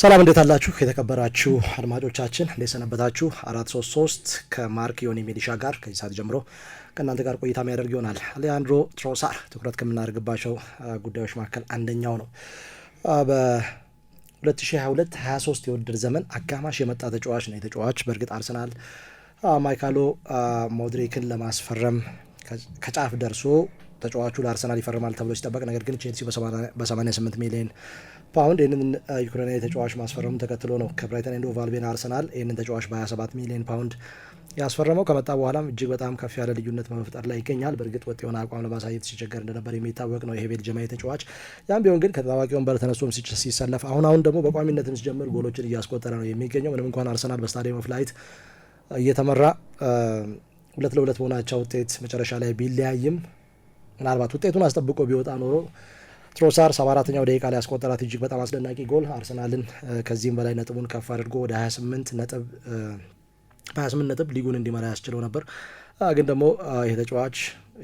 ሰላም እንዴት አላችሁ? የተከበራችሁ አድማጮቻችን እንዴት ሰነበታችሁ? አራት ሶስት ሶስት ከማርክ ዮኒ ሜዲሻ ጋር ከዚህ ሰዓት ጀምሮ ከእናንተ ጋር ቆይታ የሚያደርግ ይሆናል። አሌሃንድሮ ትሮሳር ትኩረት ከምናደርግባቸው ጉዳዮች መካከል አንደኛው ነው። በ2022 23 የውድድር ዘመን አጋማሽ የመጣ ተጫዋች ነው። የተጫዋች በእርግጥ አርሰናል ማይካሎ ሞድሪክን ለማስፈረም ከጫፍ ደርሶ ተጫዋቹ ለአርሰናል ይፈርማል ተብሎ ሲጠበቅ፣ ነገር ግን ቼልሲ በ88 ሚሊዮን ፓውንድ ይህንን ዩክሬናዊ ተጫዋች ማስፈረሙ ተከትሎ ነው ከብራይተን ኤንዶ ቫልቤን አርሰናል ይህንን ተጫዋች በ27 ሚሊዮን ፓውንድ ያስፈረመው። ከመጣ በኋላም እጅግ በጣም ከፍ ያለ ልዩነት በመፍጠር ላይ ይገኛል። በእርግጥ ወጥ የሆነ አቋም ለማሳየት ሲቸገር እንደነበር የሚታወቅ ነው ይሄ ቤልጅማዊ ተጫዋች። ያም ቢሆን ግን ከተጠባባቂ ወንበር ተነስቶም ሲሰለፍ፣ አሁን አሁን ደግሞ በቋሚነትም ሲጀምር ጎሎችን እያስቆጠረ ነው የሚገኘው። ምንም እንኳን አርሰናል በስታዲየም ኦፍ ላይት እየተመራ ሁለት ለሁለት በሆናቸው ውጤት መጨረሻ ላይ ቢለያይም ምናልባት ውጤቱን አስጠብቆ ቢወጣ ኖሮ ትሮሳር 74ኛው ደቂቃ ላይ ያስቆጠራት እጅግ በጣም አስደናቂ ጎል አርሰናልን ከዚህም በላይ ነጥቡን ከፍ አድርጎ ወደ 28 ነጥብ ነጥብ ሊጉን እንዲመራ ያስችለው ነበር። ግን ደግሞ ይህ ተጫዋች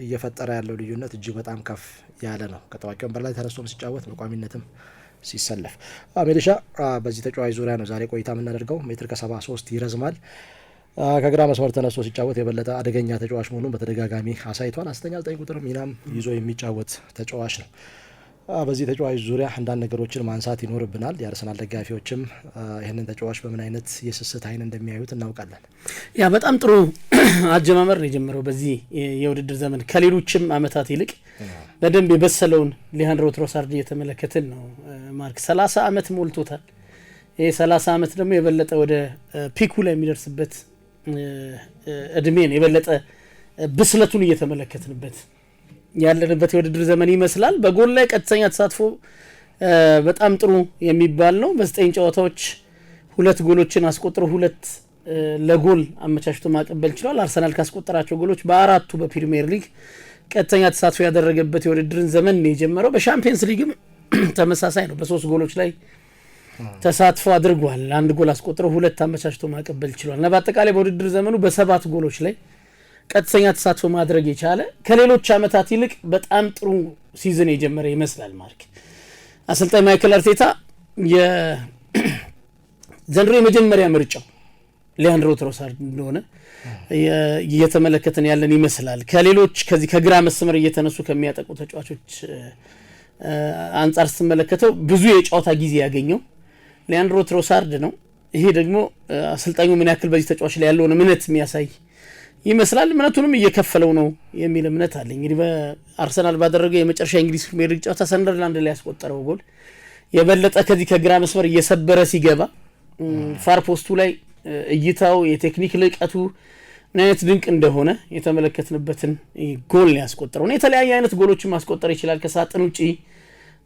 እየፈጠረ ያለው ልዩነት እጅግ በጣም ከፍ ያለ ነው። ከታዋቂ ወንበር ላይ ተነስቶም ሲጫወት በቋሚነትም ሲሰለፍ ሜልሻ በዚህ ተጫዋች ዙሪያ ነው ዛሬ ቆይታ የምናደርገው። ሜትር ከ73 ይረዝማል። ከግራ መስመር ተነስቶ ሲጫወት የበለጠ አደገኛ ተጫዋች መሆኑን በተደጋጋሚ አሳይቷል። አስተኛ ዘጠኝ ቁጥር ሚናም ይዞ የሚጫወት ተጫዋች ነው። በዚህ ተጫዋች ዙሪያ አንዳንድ ነገሮችን ማንሳት ይኖርብናል። የአርሰናል ደጋፊዎችም ይህንን ተጫዋች በምን አይነት የስስት አይን እንደሚያዩት እናውቃለን። ያ በጣም ጥሩ አጀማመር ነው የጀመረው በዚህ የውድድር ዘመን ከሌሎችም አመታት ይልቅ በደንብ የበሰለውን ሊያንድሮ ትሮሳርድ እየተመለከትን ነው። ማርክ ሰላሳ ዓመት ሞልቶታል። ይህ ሰላሳ ዓመት ደግሞ የበለጠ ወደ ፒኩ ላይ የሚደርስበት እድሜን የበለጠ ብስለቱን እየተመለከትንበት ያለንበት የውድድር ዘመን ይመስላል። በጎል ላይ ቀጥተኛ ተሳትፎ በጣም ጥሩ የሚባል ነው። በዘጠኝ ጨዋታዎች ሁለት ጎሎችን አስቆጥሮ ሁለት ለጎል አመቻችቶ ማቀበል ችሏል። አርሰናል ካስቆጠራቸው ጎሎች በአራቱ በፕሪሚየር ሊግ ቀጥተኛ ተሳትፎ ያደረገበት የውድድርን ዘመን ነው የጀመረው። በሻምፒየንስ ሊግም ተመሳሳይ ነው። በሶስት ጎሎች ላይ ተሳትፎ አድርጓል። አንድ ጎል አስቆጥሮ ሁለት አመቻችቶ ማቀበል ችሏል እና በአጠቃላይ በውድድር ዘመኑ በሰባት ጎሎች ላይ ቀጥተኛ ተሳትፎ ማድረግ የቻለ ከሌሎች አመታት ይልቅ በጣም ጥሩ ሲዝን የጀመረ ይመስላል። ማርክ አሰልጣኝ ማይክል አርቴታ የዘንድሮ የመጀመሪያ ምርጫው ሊያንድሮ ትሮሳርድ እንደሆነ እየተመለከትን ያለን ይመስላል። ከሌሎች ከዚህ ከግራ መስመር እየተነሱ ከሚያጠቁ ተጫዋቾች አንጻር ስትመለከተው ብዙ የጨዋታ ጊዜ ያገኘው ሊያንድሮ ትሮሳርድ ነው። ይሄ ደግሞ አሰልጣኙ ምን ያክል በዚህ ተጫዋች ላይ ያለውን እምነት የሚያሳይ ይመስላል። እምነቱንም እየከፈለው ነው የሚል እምነት አለ። እንግዲህ በአርሰናል ባደረገው የመጨረሻ እንግሊዝ ፕሪሚየር ሊግ ጨዋታ ሰንደርላንድ ላይ ያስቆጠረው ጎል የበለጠ ከዚህ ከግራ መስመር እየሰበረ ሲገባ ፋር ፖስቱ ላይ እይታው የቴክኒክ ልቀቱ ምን አይነት ድንቅ እንደሆነ የተመለከትንበትን ጎል ነው ያስቆጠረው። የተለያየ አይነት ጎሎችን ማስቆጠር ይችላል ከሳጥን ውጪ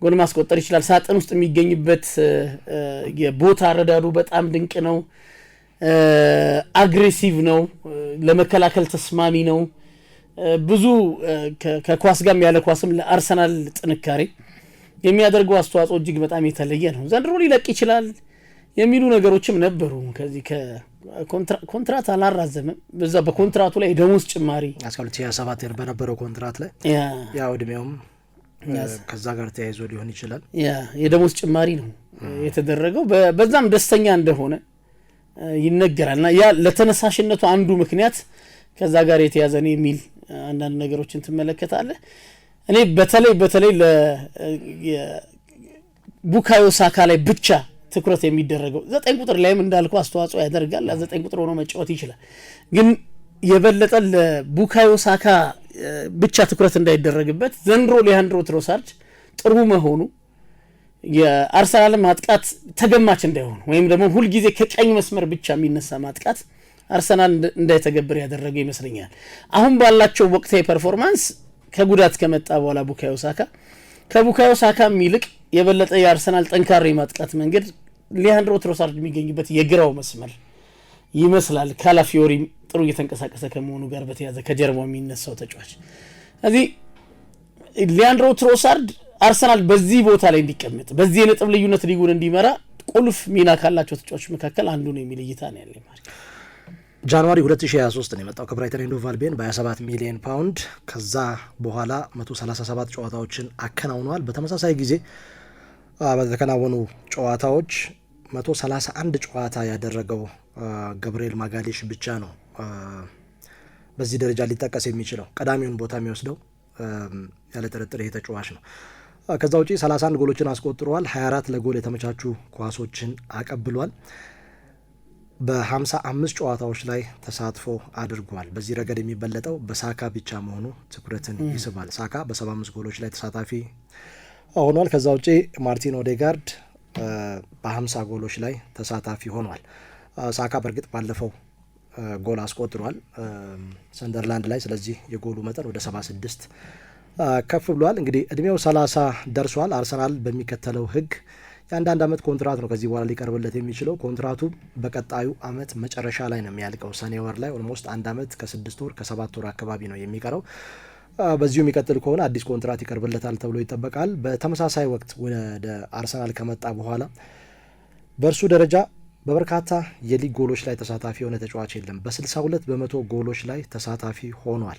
ጎል ማስቆጠር ይችላል። ሳጥን ውስጥ የሚገኝበት የቦታ አረዳዱ በጣም ድንቅ ነው። አግሬሲቭ ነው። ለመከላከል ተስማሚ ነው። ብዙ ከኳስ ጋርም ያለ ኳስም ለአርሰናል ጥንካሬ የሚያደርገው አስተዋጽኦ እጅግ በጣም የተለየ ነው። ዘንድሮ ሊለቅ ይችላል የሚሉ ነገሮችም ነበሩ። ከዚህ ኮንትራት አላራዘምም በዛ በኮንትራቱ ላይ የደሞዝ ጭማሪ በነበረው ኮንትራት ላይ ያ እድሜውም ከዛ ጋር ተያይዞ ሊሆን ይችላል። ያ የደሞዝ ጭማሪ ነው የተደረገው። በዛም ደስተኛ እንደሆነ ይነገራል። እና ያ ለተነሳሽነቱ አንዱ ምክንያት ከዛ ጋር የተያዘ ነው የሚል አንዳንድ ነገሮችን ትመለከታለህ። እኔ በተለይ በተለይ ቡካዮ ሳካ ላይ ብቻ ትኩረት የሚደረገው ዘጠኝ ቁጥር ላይም እንዳልኩ አስተዋጽኦ ያደርጋል። ዘጠኝ ቁጥር ሆኖ መጫወት ይችላል። ግን የበለጠ ለቡካዮ ሳካ ብቻ ትኩረት እንዳይደረግበት ዘንድሮ ሊያንድሮ ትሮሳርድ ጥሩ መሆኑ የአርሰናል ማጥቃት ተገማች እንዳይሆን ወይም ደግሞ ሁልጊዜ ከቀኝ መስመር ብቻ የሚነሳ ማጥቃት አርሰናል እንዳይተገብር ያደረገ ይመስለኛል። አሁን ባላቸው ወቅታዊ ፐርፎርማንስ ከጉዳት ከመጣ በኋላ ቡካዮ ሳካ ከቡካዮ ሳካም ይልቅ የበለጠ የአርሰናል ጠንካራ የማጥቃት መንገድ ሊያንድሮ ትሮሳርድ የሚገኝበት የግራው መስመር ይመስላል ካላፊዮሪ ጥሩ እየተንቀሳቀሰ ከመሆኑ ጋር በተያዘ ከጀርባው የሚነሳው ተጫዋች እዚህ ሊያንድሮ ትሮሳርድ አርሰናል በዚህ ቦታ ላይ እንዲቀመጥ በዚህ የነጥብ ልዩነት ሊጉን እንዲመራ ቁልፍ ሚና ካላቸው ተጫዋቾች መካከል አንዱ ነው የሚል እይታ ነው ያለኝ። ጃንዋሪ 2023 ነው የመጣው ከብራይተን ኤንድ ቫልቤን በ27 ሚሊዮን ፓውንድ። ከዛ በኋላ 137 ጨዋታዎችን አከናውነዋል። በተመሳሳይ ጊዜ በተከናወኑ ጨዋታዎች 131 ጨዋታ ያደረገው ገብርኤል ማጋሌሽ ብቻ ነው በዚህ ደረጃ ሊጠቀስ የሚችለው ቀዳሚውን ቦታ የሚወስደው ያለ ጥርጥር ይሄ ተጫዋች ነው። ከዛ ውጪ 31 ጎሎችን አስቆጥረዋል። 24 ለጎል የተመቻቹ ኳሶችን አቀብሏል። በ55 ጨዋታዎች ላይ ተሳትፎ አድርጓል። በዚህ ረገድ የሚበለጠው በሳካ ብቻ መሆኑ ትኩረትን ይስባል። ሳካ በ75 ጎሎች ላይ ተሳታፊ ሆኗል። ከዛ ውጪ ማርቲን ኦዴጋርድ በሀምሳ ጎሎች ላይ ተሳታፊ ሆኗል። ሳካ በእርግጥ ባለፈው ጎል አስቆጥሯል ሰንደርላንድ ላይ። ስለዚህ የጎሉ መጠን ወደ ስድስት ከፍ ብሏል። እንግዲህ እድሜው ሰላሳ ደርሷል። አርሰናል በሚከተለው ህግ የአንዳንድ አመት ኮንትራት ነው ከዚህ በኋላ ሊቀርብለት የሚችለው። ኮንትራቱ በቀጣዩ አመት መጨረሻ ላይ ነው የሚያልቀው ሰኔ ወር ላይ ኦልሞስት አንድ አመት ከስድስት ወር ከሰባት ወር አካባቢ ነው የሚቀረው። በዚሁ የሚቀጥል ከሆነ አዲስ ኮንትራት ይቀርብለታል ተብሎ ይጠበቃል። በተመሳሳይ ወቅት ወደ አርሰናል ከመጣ በኋላ በእርሱ ደረጃ በበርካታ የሊግ ጎሎች ላይ ተሳታፊ የሆነ ተጫዋች የለም። በ62 በመቶ ጎሎች ላይ ተሳታፊ ሆኗል።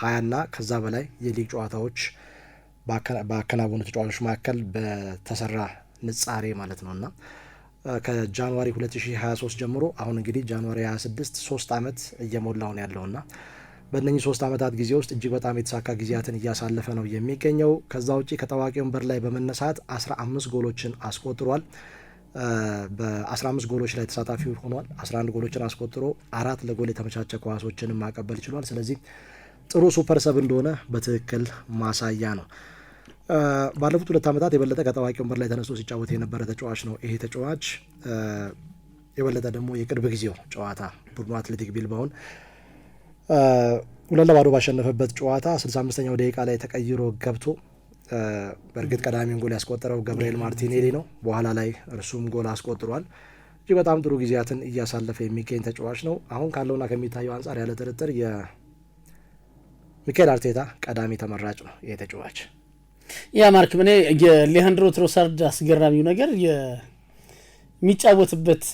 ሀያና ከዛ በላይ የሊግ ጨዋታዎች ባከናወኑ ተጫዋቾች መካከል በተሰራ ንጻሬ ማለት ነው እና ከጃንዋሪ 2023 ጀምሮ አሁን እንግዲህ ጃንዋሪ 26 ሶስት ዓመት እየሞላውን ነው ያለውና በእነኚህ ሶስት ዓመታት ጊዜ ውስጥ እጅግ በጣም የተሳካ ጊዜያትን እያሳለፈ ነው የሚገኘው። ከዛ ውጭ ከታዋቂ ወንበር ላይ በመነሳት 15 ጎሎችን አስቆጥሯል። በ15 ጎሎች ላይ ተሳታፊ ሆኗል። 11 ጎሎችን አስቆጥሮ አራት ለጎል የተመቻቸ ኳሶችን ማቀበል ችሏል። ስለዚህ ጥሩ ሱፐር ሰብ እንደሆነ በትክክል ማሳያ ነው። ባለፉት ሁለት ዓመታት የበለጠ ከታዋቂ ወንበር ላይ ተነስቶ ሲጫወት የነበረ ተጫዋች ነው። ይሄ ተጫዋች የበለጠ ደግሞ የቅርብ ጊዜው ጨዋታ ቡድኑ አትሌቲክ ቢልባውን ሁለት ለባዶ ባሸነፈበት ጨዋታ 65ኛው ደቂቃ ላይ ተቀይሮ ገብቶ በእርግጥ ቀዳሚውን ጎል ያስቆጠረው ገብርኤል ማርቲኔሊ ነው። በኋላ ላይ እርሱም ጎል አስቆጥሯል። እጅግ በጣም ጥሩ ጊዜያትን እያሳለፈ የሚገኝ ተጫዋች ነው። አሁን ካለውና ከሚታየው አንጻር ያለ ጥርጥር የሚካኤል አርቴታ ቀዳሚ ተመራጭ ነው ይህ ተጫዋች። ያ ማርክ ምኔ የሌሃንድሮ ትሮሳርድ አስገራሚው ነገር የሚጫወትበት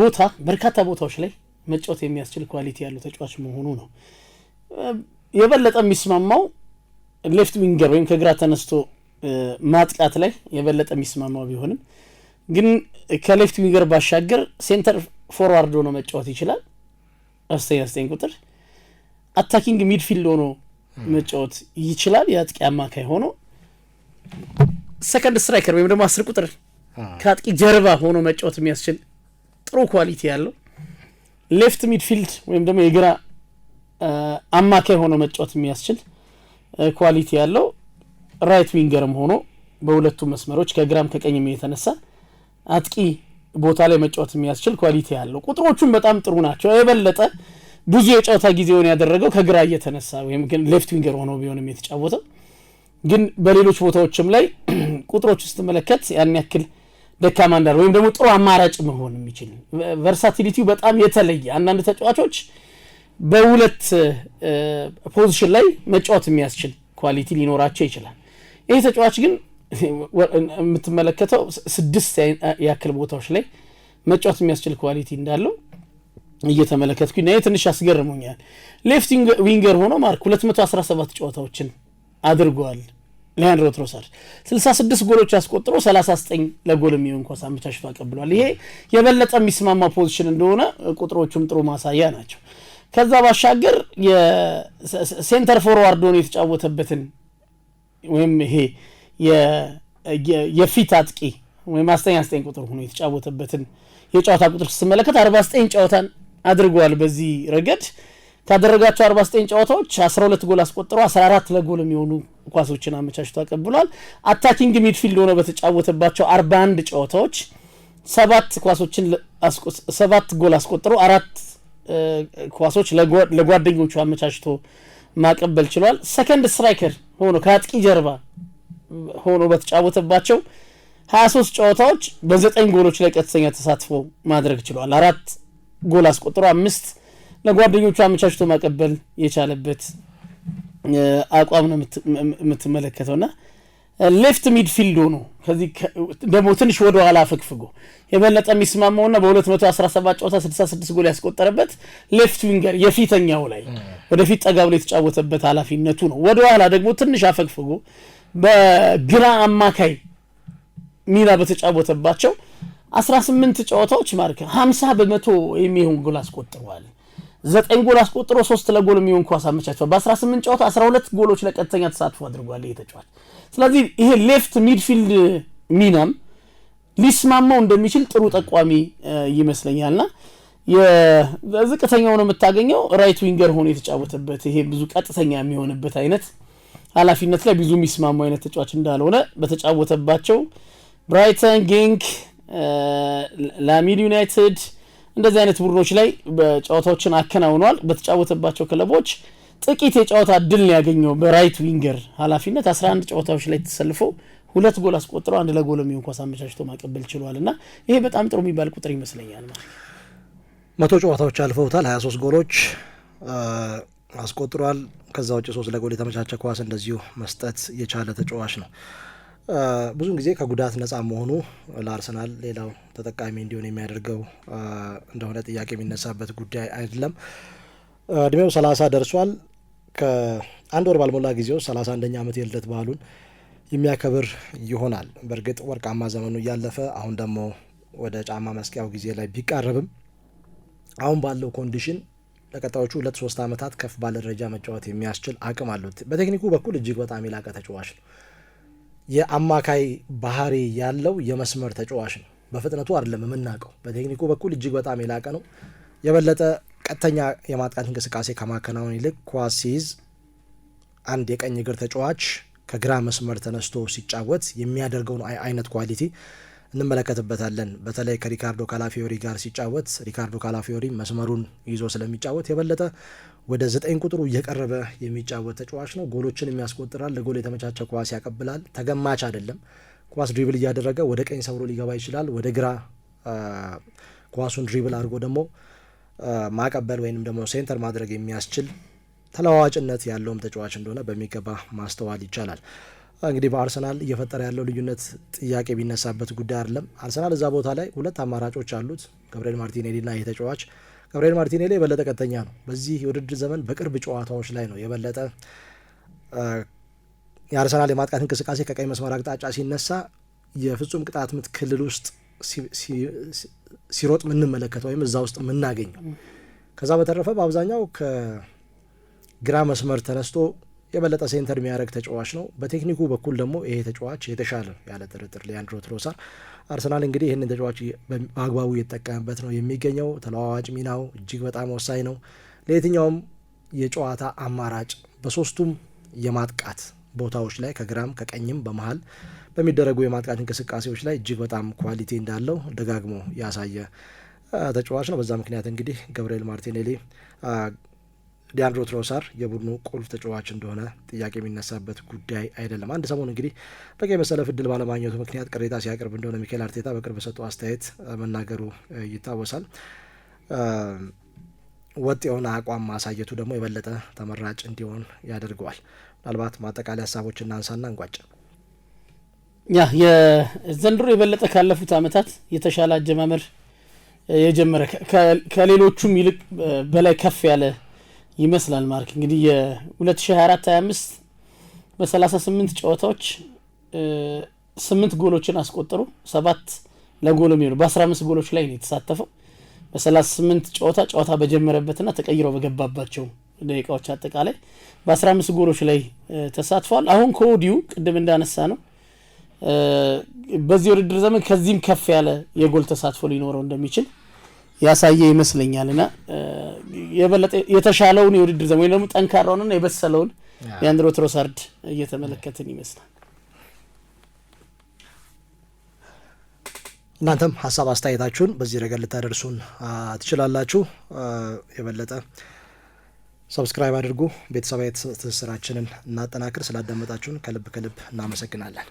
ቦታ በርካታ ቦታዎች ላይ መጫወት የሚያስችል ኳሊቲ ያለው ተጫዋች መሆኑ ነው። የበለጠ የሚስማማው ሌፍት ዊንገር ወይም ከግራ ተነስቶ ማጥቃት ላይ የበለጠ የሚስማማው ቢሆንም ግን ከሌፍት ዊንገር ባሻገር ሴንተር ፎርዋርድ ሆኖ መጫወት ይችላል። አስተኛ አስተኝ ቁጥር አታኪንግ ሚድፊልድ ሆኖ መጫወት ይችላል። የአጥቂ አማካይ ሆኖ ሰከንድ ስትራይከር ወይም ደግሞ አስር ቁጥር ከአጥቂ ጀርባ ሆኖ መጫወት የሚያስችል ጥሩ ኳሊቲ ያለው ሌፍት ሚድፊልድ ወይም ደግሞ የግራ አማካይ ሆኖ መጫወት የሚያስችል ኳሊቲ ያለው ራይት ዊንገርም ሆኖ በሁለቱ መስመሮች ከግራም ከቀኝም የተነሳ አጥቂ ቦታ ላይ መጫወት የሚያስችል ኳሊቲ ያለው ቁጥሮቹም በጣም ጥሩ ናቸው። የበለጠ ብዙ የጨዋታ ጊዜውን ያደረገው ከግራ እየተነሳ ወይም ግን ሌፍት ዊንገር ሆኖ ቢሆንም የተጫወተው ግን በሌሎች ቦታዎችም ላይ ቁጥሮች ስትመለከት ያን ያክል ደካማ እንዳለ ወይም ደግሞ ጥሩ አማራጭ መሆን የሚችል ቨርሳቲሊቲው በጣም የተለየ አንዳንድ ተጫዋቾች በሁለት ፖዚሽን ላይ መጫወት የሚያስችል ኳሊቲ ሊኖራቸው ይችላል። ይህ ተጫዋች ግን የምትመለከተው ስድስት ያክል ቦታዎች ላይ መጫወት የሚያስችል ኳሊቲ እንዳለው እየተመለከትኩኝ ይህ ትንሽ አስገርሞኛል። ሌፍት ዊንገር ሆኖ ማርክ 217 ጨዋታዎችን አድርገዋል ሊያንድሮ ትሮሳር 66 ጎሎች አስቆጥሮ 39 ለጎል የሚሆን ኳስ አመቻችቶ አቀብሏል። ይሄ የበለጠ የሚስማማ ፖዚሽን እንደሆነ ቁጥሮቹም ጥሩ ማሳያ ናቸው። ከዛ ባሻገር የሴንተር ፎርዋርድ ሆኖ የተጫወተበትን ወይም ይሄ የፊት አጥቂ ወይም አስጠኝ አስተኝ ቁጥር ሆኖ የተጫወተበትን የጨዋታ ቁጥር ስትመለከት 49 ጨዋታን አድርገዋል። በዚህ ረገድ ካደረጋቸው 49 ጨዋታዎች 12 ጎል አስቆጥሮ 14 ለጎል የሚሆኑ ኳሶችን አመቻችቶ አቀብሏል። አታኪንግ ሚድፊልድ ሆኖ በተጫወተባቸው 41 ጨዋታዎች ሰባት ኳሶችን ሰባት ጎል አስቆጥሮ አራት ኳሶች ለጓደኞቹ አመቻችቶ ማቀበል ችሏል። ሰከንድ ስትራይከር ሆኖ ከአጥቂ ጀርባ ሆኖ በተጫወተባቸው 23 ጨዋታዎች በዘጠኝ ጎሎች ላይ ቀጥተኛ ተሳትፎ ማድረግ ችሏል። አራት ጎል አስቆጥሮ አምስት ለጓደኞቹ አመቻችቶ ማቀበል የቻለበት አቋም ነው የምትመለከተው ና ሌፍት ሚድፊልድ ሆኖ ከዚህ ደግሞ ትንሽ ወደ ኋላ ፍግፍጎ የበለጠ የሚስማማውና በ217 ጨዋታ 66 ጎል ያስቆጠረበት ሌፍት ዊንገር የፊተኛው ላይ ወደፊት ጠጋ ብሎ የተጫወተበት ኃላፊነቱ ነው። ወደ ኋላ ደግሞ ትንሽ አፈግፍጎ በግራ አማካይ ሚና በተጫወተባቸው 18 ጨዋታዎች ማርከ 50 በመቶ የሚሆን ጎል አስቆጥረዋል። ዘጠኝ ጎል አስቆጥሮ ሶስት ለጎል የሚሆን ኳስ አመቻችቷል። በ18 ጨዋታ 12 ጎሎች ለቀጥተኛ ተሳትፎ አድርጓል ይህ ተጫዋች። ስለዚህ ይሄ ሌፍት ሚድፊልድ ሚናም ሊስማማው እንደሚችል ጥሩ ጠቋሚ ይመስለኛልና የዝቅተኛው ነው የምታገኘው ራይት ዊንገር ሆኖ የተጫወተበት ይሄ ብዙ ቀጥተኛ የሚሆንበት አይነት ኃላፊነት ላይ ብዙ የሚስማሙ አይነት ተጫዋች እንዳልሆነ በተጫወተባቸው ብራይተን፣ ጌንክ፣ ላሚድ ዩናይትድ እንደዚህ አይነት ቡድኖች ላይ ጨዋታዎችን አከናውኗል። በተጫወተባቸው ክለቦች ጥቂት የጨዋታ እድል ነው ያገኘው። በራይት ዊንገር ኃላፊነት 11 ጨዋታዎች ላይ ተሰልፎ ሁለት ጎል አስቆጥሮ አንድ ለጎል የሚሆን ኳስ አመቻችቶ ማቀበል ችሏል እና ይሄ በጣም ጥሩ የሚባል ቁጥር ይመስለኛል። ማለት መቶ ጨዋታዎች አልፈውታል። 23 ጎሎች አስቆጥሯል። ከዛ ውጭ ሶስት ለጎል የተመቻቸ ኳስ እንደዚሁ መስጠት የቻለ ተጫዋች ነው። ብዙውን ጊዜ ከጉዳት ነጻ መሆኑ ለአርሰናል ሌላው ተጠቃሚ እንዲሆን የሚያደርገው እንደሆነ ጥያቄ የሚነሳበት ጉዳይ አይደለም። እድሜው ሰላሳ ደርሷል። ከአንድ ወር ባልሞላ ጊዜ ውስጥ ሰላሳ አንደኛ ዓመት የልደት በዓሉን የሚያከብር ይሆናል። በእርግጥ ወርቃማ ዘመኑ እያለፈ አሁን ደግሞ ወደ ጫማ መስቂያው ጊዜ ላይ ቢቃረብም አሁን ባለው ኮንዲሽን ለቀጣዮቹ ሁለት ሶስት ዓመታት ከፍ ባለ ደረጃ መጫወት የሚያስችል አቅም አለው። በቴክኒኩ በኩል እጅግ በጣም የላቀ ተጫዋች ነው። የአማካይ ባህሪ ያለው የመስመር ተጫዋች ነው። በፍጥነቱ አይደለም የምናውቀው፣ በቴክኒኩ በኩል እጅግ በጣም የላቀ ነው። የበለጠ ቀጥተኛ የማጥቃት እንቅስቃሴ ከማከናወን ይልቅ ኳስ ሲይዝ አንድ የቀኝ እግር ተጫዋች ከግራ መስመር ተነስቶ ሲጫወት የሚያደርገውን አይነት ኳሊቲ እንመለከትበታለን። በተለይ ከሪካርዶ ካላፊዮሪ ጋር ሲጫወት ሪካርዶ ካላፊዮሪ መስመሩን ይዞ ስለሚጫወት የበለጠ ወደ ዘጠኝ ቁጥሩ እየቀረበ የሚጫወት ተጫዋች ነው። ጎሎችን የሚያስቆጥራል። ለጎል የተመቻቸ ኳስ ያቀብላል። ተገማች አይደለም። ኳስ ድሪብል እያደረገ ወደ ቀኝ ሰብሮ ሊገባ ይችላል። ወደ ግራ ኳሱን ድሪብል አድርጎ ደግሞ ማቀበል ወይንም ደግሞ ሴንተር ማድረግ የሚያስችል ተለዋዋጭነት ያለውም ተጫዋች እንደሆነ በሚገባ ማስተዋል ይቻላል። እንግዲህ በአርሰናል እየፈጠረ ያለው ልዩነት ጥያቄ ቢነሳበት ጉዳይ አይደለም። አርሰናል እዛ ቦታ ላይ ሁለት አማራጮች አሉት፣ ገብርኤል ማርቲኔሊና ይህ ተጫዋች ገብርኤል ማርቲኔሊ የበለጠ ቀጥተኛ ነው። በዚህ የውድድር ዘመን በቅርብ ጨዋታዎች ላይ ነው የበለጠ የአርሰናል የማጥቃት እንቅስቃሴ ከቀይ መስመር አቅጣጫ ሲነሳ የፍጹም ቅጣት ምት ክልል ውስጥ ሲሮጥ የምንመለከተው ወይም እዛ ውስጥ የምናገኘው። ከዛ በተረፈ በአብዛኛው ከግራ መስመር ተነስቶ የበለጠ ሴንተር የሚያደርግ ተጫዋች ነው። በቴክኒኩ በኩል ደግሞ ይሄ ተጫዋች የተሻለ ያለ ጥርጥር ሊያንድሮ ትሮሳር። አርሰናል እንግዲህ ይህንን ተጫዋች በአግባቡ እየተጠቀምበት ነው የሚገኘው። ተለዋዋጭ ሚናው እጅግ በጣም ወሳኝ ነው። ለየትኛውም የጨዋታ አማራጭ በሶስቱም የማጥቃት ቦታዎች ላይ ከግራም ከቀኝም በመሀል በሚደረጉ የማጥቃት እንቅስቃሴዎች ላይ እጅግ በጣም ኳሊቲ እንዳለው ደጋግሞ ያሳየ ተጫዋች ነው። በዛ ምክንያት እንግዲህ ገብርኤል ማርቲኔሊ ዲያንድሮ ትሮሳር የቡድኑ ቁልፍ ተጫዋች እንደሆነ ጥያቄ የሚነሳበት ጉዳይ አይደለም። አንድ ሰሞን እንግዲህ በቀይ መሰለፍ እድል ባለማግኘቱ ምክንያት ቅሬታ ሲያቀርብ እንደሆነ ሚካኤል አርቴታ በቅርብ ሰጡ አስተያየት መናገሩ ይታወሳል። ወጥ የሆነ አቋም ማሳየቱ ደግሞ የበለጠ ተመራጭ እንዲሆን ያደርገዋል። ምናልባት ማጠቃለያ ሀሳቦችን እናንሳና እንጓጭ። ያ የዘንድሮ የበለጠ ካለፉት አመታት የተሻለ አጀማመር የጀመረ ከሌሎቹም ይልቅ በላይ ከፍ ያለ ይመስላል። ማርክ እንግዲህ የ2024/25 በ38 ጨዋታዎች ስምንት ጎሎችን አስቆጠሩ። ሰባት ለጎል የሚሆኑ በ15 ጎሎች ላይ ነው የተሳተፈው። በ38 ጨዋታ ጨዋታ በጀመረበትና ተቀይሮ በገባባቸው ደቂቃዎች አጠቃላይ በ15 ጎሎች ላይ ተሳትፏል። አሁን ከወዲሁ ቅድም እንዳነሳ ነው በዚህ ውድድር ዘመን ከዚህም ከፍ ያለ የጎል ተሳትፎ ሊኖረው እንደሚችል ያሳየ ይመስለኛል እና የበለጠ የተሻለውን የውድድር ዘመን ወይም ደግሞ ጠንካራውንና የበሰለውን የአንድሮ ትሮሳርድ እየተመለከትን ይመስላል። እናንተም ሀሳብ አስተያየታችሁን በዚህ ረገድ ልታደርሱን ትችላላችሁ። የበለጠ ሰብስክራይብ አድርጉ። ቤተሰባዊ ትስስራችንን እናጠናክር። ስላዳመጣችሁን ከልብ ከልብ እናመሰግናለን።